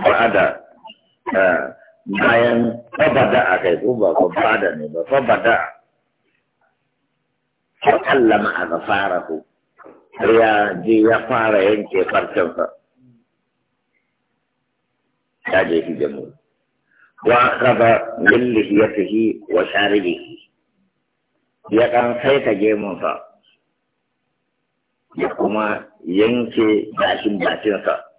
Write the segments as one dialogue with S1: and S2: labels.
S1: ada eh, bayan fabada a kai ko ba ko ba'ada ne ba fabada fa allama a har ya je ya fara yanke farcensa ta je ki jamu. wa kaba min lihiyatihi wa sharibihi ya kan saita gemunsa ya kuma yanke gashin bakinsa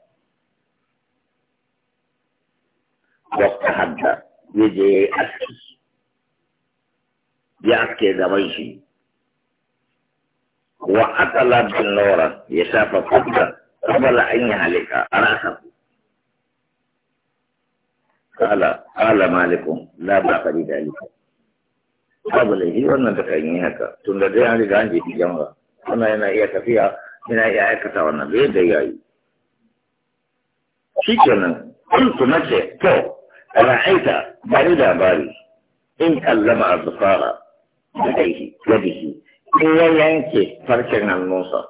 S1: واستحدى يجي أسكي يأكي دميشي وأطلب بالنور يسافى قبل قبل أن يهلك رأسه قال قال مالك لا بأس بذلك babu laifi wannan da kan yi haka tun da dai an riga an jefi jama'a wannan yana iya tafiya yana iya aikata wannan bai da yayi shi kenan kun su nace to ra'aita bari labari in kallama azfara yadayhi yadihi in ya yanke farcen hannunsa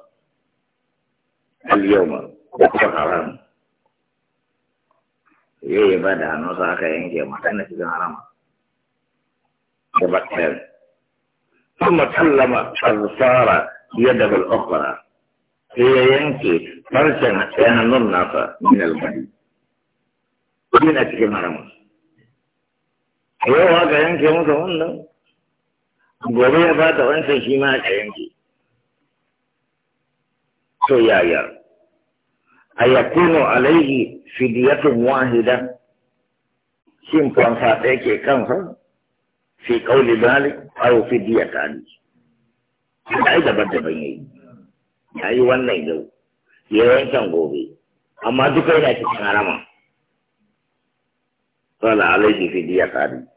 S1: al-yawma da haram yayi ba da hannunsa aka yanke mata na cikin harama da bakter kuma kallama azfara yadahu al-ukhra sai ya yanke min a cikin
S2: yau ka yanke
S1: masa wannan gobe ya ba ta wancan shi ma ka yanke to yaya
S2: a yakunu alaihi
S1: fidiyatun wahida shin fansa ɗaya ke kansa fi kauli dalik aw fidiyatan ai daban daban yayi yi wannan yau ya wancan gobe amma duka yana cikin harama قال عليه فدية قريب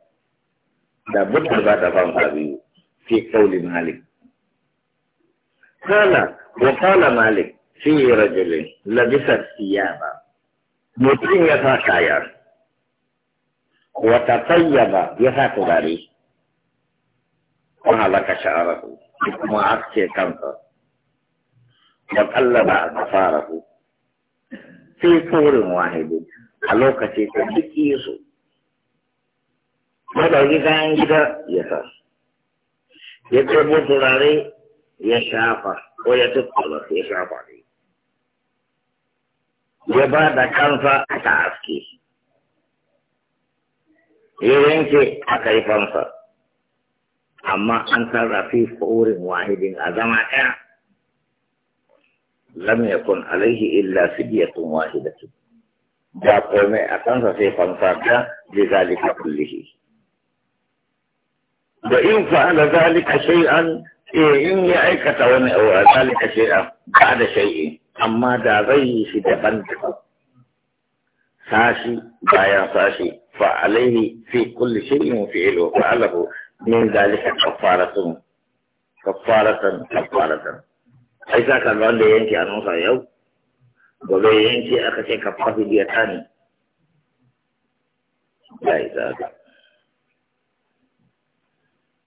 S1: لابد البات فان فابيو في قول مالك قال وقال مالك في رجل لبس الثياب متين يسا شاير وتطيب يسا تغاري وهذا شعره ثم أكسي كنفه وقلب أظفاره في طول واحد ألوكتي تبكيسه ya ɗauki kayan gida ya sa ya karbo turare ya shafa ko ya tuttura ya shafa ne ya ba da kansa aka aske ya yanke aka yi amma an sarrafi fa'urin wahidin a zama ɗaya lam yakun alaihi illa fidyatun wahidatun da komai a kansa sai fansa ta bi zalika kullihi da in fa'ala zalika shay'an eh in ya aikata wani abu zalika shay'an ba da shay'i amma da zai yi shi daban daban sashi bayan sashi fa alaihi fi kulli shay'in fi'lu fa alahu min zalika kafaratun kafaratan kafaratan ai za ka ga wanda yanke hannunsa yau gobe yanke aka ce kafafi biya ta ne ya yi zaga